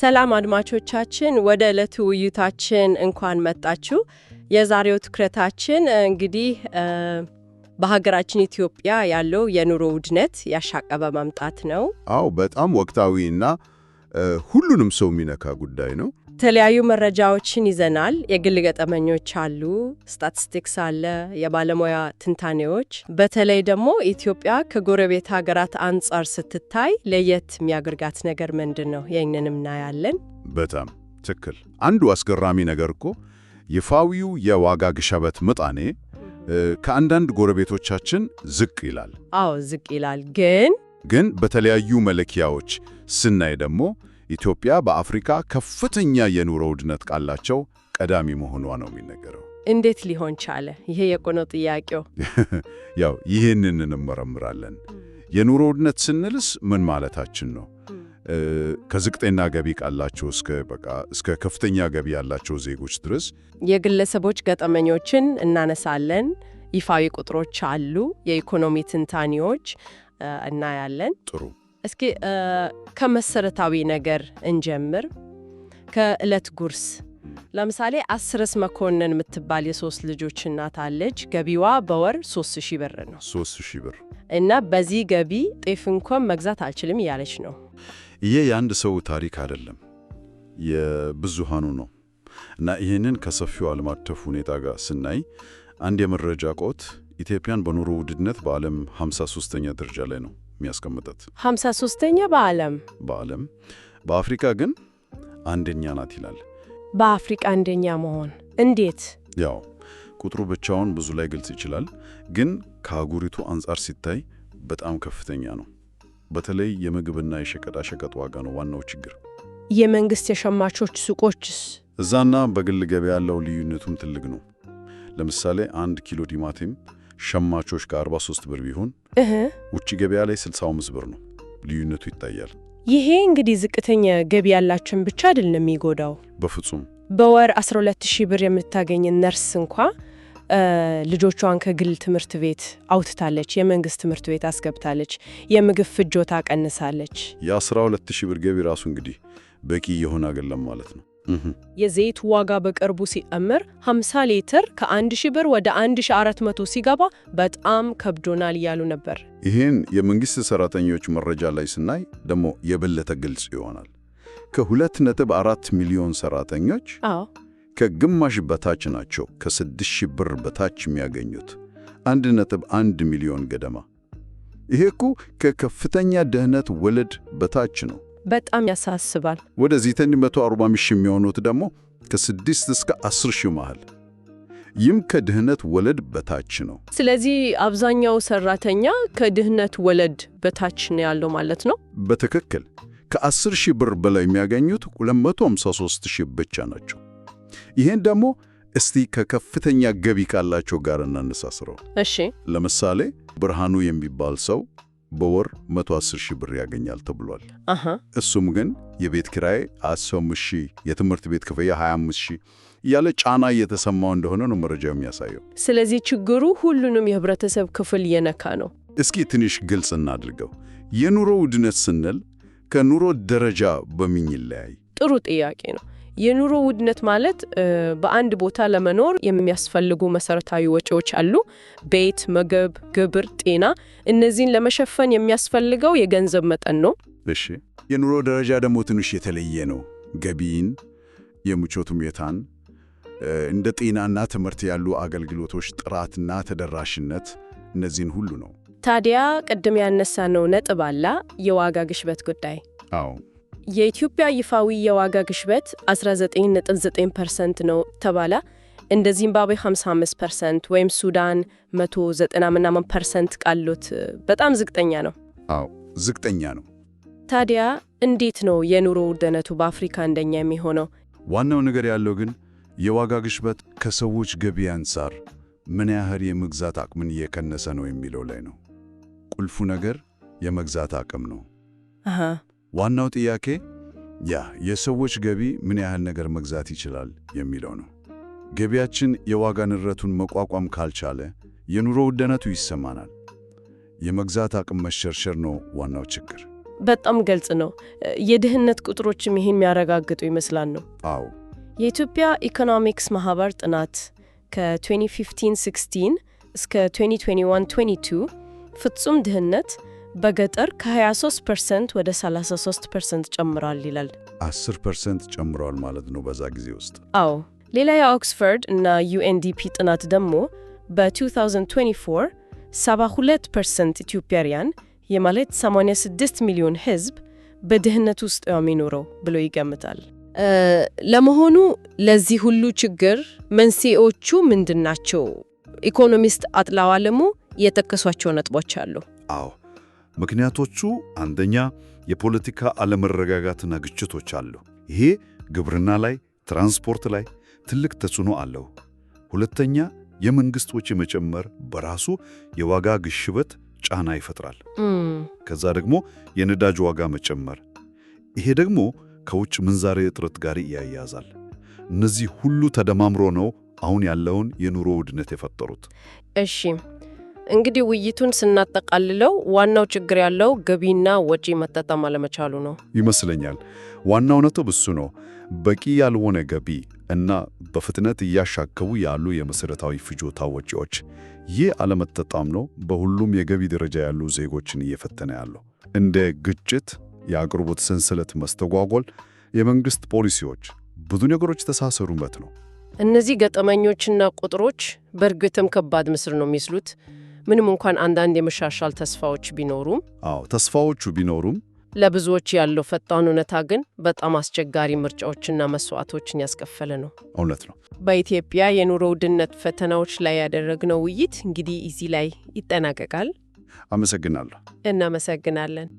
ሰላም አድማጮቻችን፣ ወደ ዕለቱ ውይይታችን እንኳን መጣችሁ። የዛሬው ትኩረታችን እንግዲህ በሀገራችን ኢትዮጵያ ያለው የኑሮ ውድነት ያሻቀበ ማምጣት ነው። አዎ፣ በጣም ወቅታዊ እና ሁሉንም ሰው የሚነካ ጉዳይ ነው። የተለያዩ መረጃዎችን ይዘናል። የግል ገጠመኞች አሉ፣ ስታቲስቲክስ አለ፣ የባለሙያ ትንታኔዎች። በተለይ ደግሞ ኢትዮጵያ ከጎረቤት ሀገራት አንጻር ስትታይ ለየት የሚያደርጋት ነገር ምንድን ነው? ይህንንም እናያለን። በጣም ትክክል። አንዱ አስገራሚ ነገር እኮ ይፋዊው የዋጋ ግሽበት ምጣኔ ከአንዳንድ ጎረቤቶቻችን ዝቅ ይላል። አዎ ዝቅ ይላል። ግን ግን በተለያዩ መለኪያዎች ስናይ ደግሞ ኢትዮጵያ በአፍሪካ ከፍተኛ የኑሮ ውድነት ካላቸው ቀዳሚ መሆኗ ነው የሚነገረው። እንዴት ሊሆን ቻለ? ይሄ የቆነው ጥያቄው። ያው ይህንን እንመረምራለን። የኑሮ ውድነት ስንልስ ምን ማለታችን ነው? ከዝቅተኛ ገቢ ካላቸው እስከ በቃ እስከ ከፍተኛ ገቢ ያላቸው ዜጎች ድረስ የግለሰቦች ገጠመኞችን እናነሳለን። ይፋዊ ቁጥሮች አሉ፣ የኢኮኖሚ ትንታኔዎች እናያለን። ጥሩ እስኪ ከመሰረታዊ ነገር እንጀምር፣ ከእለት ጉርስ ለምሳሌ አስረስ መኮንን የምትባል የሶስት ልጆች እናት አለች። ገቢዋ በወር ሺህ ብር ነው። ሺህ ብር እና በዚህ ገቢ ጤፍ እንኳን መግዛት አልችልም እያለች ነው። ይሄ የአንድ ሰው ታሪክ አይደለም፣ የብዙሃኑ ነው። እና ይህንን ከሰፊው ዓለም አቀፍ ሁኔታ ጋር ስናይ አንድ የመረጃ ቆት ኢትዮጵያን በኑሮ ውድነት በዓለም 53ኛ ደረጃ ላይ ነው። የሚያስቀምጠት ሀምሳ ሶስተኛ በዓለም በዓለም በአፍሪካ ግን አንደኛ ናት ይላል። በአፍሪካ አንደኛ መሆን እንዴት? ያው ቁጥሩ ብቻውን ብዙ ላይ ግልጽ ይችላል፣ ግን ከአህጉሪቱ አንጻር ሲታይ በጣም ከፍተኛ ነው። በተለይ የምግብና የሸቀጣሸቀጥ ዋጋ ነው ዋናው ችግር። የመንግስት የሸማቾች ሱቆችስ? እዛና በግል ገበያ ያለው ልዩነቱም ትልቅ ነው። ለምሳሌ አንድ ኪሎ ቲማቲም ሸማቾች ጋር 43 ብር ቢሆን ውጭ ገበያ ላይ 65 ብር ነው። ልዩነቱ ይታያል። ይሄ እንግዲህ ዝቅተኛ ገቢ ያላቸውን ብቻ አይደለም የሚጎዳው። በፍጹም በወር 12000 ብር የምታገኝ ነርስ እንኳ ልጆቿን ከግል ትምህርት ቤት አውጥታለች፣ የመንግስት ትምህርት ቤት አስገብታለች፣ የምግብ ፍጆታ ቀንሳለች። የ12000 ብር ገቢ ራሱ እንግዲህ በቂ የሆነ አይደለም ማለት ነው። የዘይት ዋጋ በቅርቡ ሲጨምር 50 ሊትር ከ1000 ብር ወደ 1400 ሲገባ በጣም ከብዶናል እያሉ ነበር። ይህን የመንግሥት ሠራተኞች መረጃ ላይ ስናይ ደግሞ የበለጠ ግልጽ ይሆናል። ከ2.4 ሚሊዮን ሠራተኞች ከግማሽ በታች ናቸው ከ6000 ብር በታች የሚያገኙት 1.1 ሚሊዮን ገደማ። ይሄ እኮ ከከፍተኛ ድህነት ወለድ በታች ነው። በጣም ያሳስባል። ወደዚህ 940 ሺህ የሚሆኑት ደግሞ ከ6 እስከ 10 ሺህ መሃል ይህም ከድህነት ወለድ በታች ነው። ስለዚህ አብዛኛው ሰራተኛ ከድህነት ወለድ በታች ነው ያለው ማለት ነው። በትክክል ከ10 ሺህ ብር በላይ የሚያገኙት 253 ሺህ ብቻ ናቸው። ይህን ደግሞ እስቲ ከከፍተኛ ገቢ ካላቸው ጋር እናነሳስረው። እሺ፣ ለምሳሌ ብርሃኑ የሚባል ሰው በወር 110 ሺህ ብር ያገኛል ተብሏል። እሱም ግን የቤት ኪራይ 10 ሺህ፣ የትምህርት ቤት ክፍያ 25 ሺህ እያለ ጫና እየተሰማው እንደሆነ ነው መረጃው የሚያሳየው። ስለዚህ ችግሩ ሁሉንም የህብረተሰብ ክፍል የነካ ነው። እስኪ ትንሽ ግልጽ እናድርገው። የኑሮ ውድነት ስንል ከኑሮ ደረጃ በምን ይለያይ? ጥሩ ጥያቄ ነው። የኑሮ ውድነት ማለት በአንድ ቦታ ለመኖር የሚያስፈልጉ መሰረታዊ ወጪዎች አሉ። ቤት፣ ምግብ፣ ግብር፣ ጤና። እነዚህን ለመሸፈን የሚያስፈልገው የገንዘብ መጠን ነው። እሺ፣ የኑሮ ደረጃ ደግሞ ትንሽ የተለየ ነው። ገቢን፣ የምቾት ሁኔታን፣ እንደ ጤናና ትምህርት ያሉ አገልግሎቶች ጥራትና ተደራሽነት፣ እነዚህን ሁሉ ነው። ታዲያ ቅድም ያነሳነው ነጥብ አላ የዋጋ ግሽበት ጉዳይ። አዎ የኢትዮጵያ ይፋዊ የዋጋ ግሽበት 19.9% ነው ተባለ። እንደ ዚምባብዌ 55% ወይም ሱዳን 190 ምናምን ፐርሰንት በጣም ዝቅተኛ ነው። አዎ ዝቅተኛ ነው። ታዲያ እንዴት ነው የኑሮ ውድነቱ በአፍሪካ እንደኛ የሚሆነው? ዋናው ነገር ያለው ግን የዋጋ ግሽበት ከሰዎች ገቢ አንጻር ምን ያህል የመግዛት አቅምን እየቀነሰ ነው የሚለው ላይ ነው። ቁልፉ ነገር የመግዛት አቅም ነው። ዋናው ጥያቄ ያ የሰዎች ገቢ ምን ያህል ነገር መግዛት ይችላል የሚለው ነው። ገቢያችን የዋጋ ንረቱን መቋቋም ካልቻለ የኑሮ ውድነቱ ይሰማናል። የመግዛት አቅም መሸርሸር ነው ዋናው ችግር። በጣም ግልጽ ነው። የድህነት ቁጥሮችም ይህን የሚያረጋግጡ ይመስላል ነው። አዎ የኢትዮጵያ ኢኮኖሚክስ ማህበር ጥናት ከ2015-16 እስከ 2021-22 ፍጹም ድህነት በገጠር ከ23 ፐርሰንት ወደ 33 ፐርሰንት ጨምሯል ይላል። 10 ፐርሰንት ጨምሯል ማለት ነው በዛ ጊዜ ውስጥ። አዎ። ሌላ የኦክስፈርድ እና ዩኤንዲፒ ጥናት ደግሞ በ2024 72 ፐርሰንት ኢትዮጵያውያን የማለት 86 ሚሊዮን ህዝብ በድህነት ውስጥ የሚኖረው ብሎ ይገምታል። ለመሆኑ ለዚህ ሁሉ ችግር መንስኤዎቹ ምንድን ናቸው? ኢኮኖሚስት አጥላው አለሙ የጠቀሷቸው ነጥቦች አሉ። አዎ ምክንያቶቹ አንደኛ የፖለቲካ አለመረጋጋትና ግጭቶች አሉ። ይሄ ግብርና ላይ፣ ትራንስፖርት ላይ ትልቅ ተጽዕኖ አለው። ሁለተኛ የመንግስት ወጪ መጨመር በራሱ የዋጋ ግሽበት ጫና ይፈጥራል። ከዛ ደግሞ የነዳጅ ዋጋ መጨመር፣ ይሄ ደግሞ ከውጭ ምንዛሬ እጥረት ጋር ይያያዛል። እነዚህ ሁሉ ተደማምሮ ነው አሁን ያለውን የኑሮ ውድነት የፈጠሩት። እሺ እንግዲህ ውይይቱን ስናጠቃልለው ዋናው ችግር ያለው ገቢና ወጪ መጣጣም አለመቻሉ ነው ይመስለኛል። ዋናው ነጥብ እሱ ነው። በቂ ያልሆነ ገቢ እና በፍጥነት እያሻከቡ ያሉ የመሰረታዊ ፍጆታ ወጪዎች። ይህ አለመጣጣም ነው በሁሉም የገቢ ደረጃ ያሉ ዜጎችን እየፈተነ ያለው። እንደ ግጭት፣ የአቅርቦት ሰንሰለት መስተጓጎል፣ የመንግስት ፖሊሲዎች፣ ብዙ ነገሮች ተሳሰሩበት ነው። እነዚህ ገጠመኞችና ቁጥሮች በእርግጥም ከባድ ምስል ነው የሚስሉት። ምንም እንኳን አንዳንድ የመሻሻል ተስፋዎች ቢኖሩም አዎ ተስፋዎቹ ቢኖሩም ለብዙዎች ያለው ፈጣን እውነታ ግን በጣም አስቸጋሪ ምርጫዎችና መስዋዕቶችን ያስከፈለ ነው። እውነት ነው። በኢትዮጵያ የኑሮ ውድነት ፈተናዎች ላይ ያደረግነው ውይይት እንግዲህ እዚህ ላይ ይጠናቀቃል። አመሰግናለሁ። እናመሰግናለን።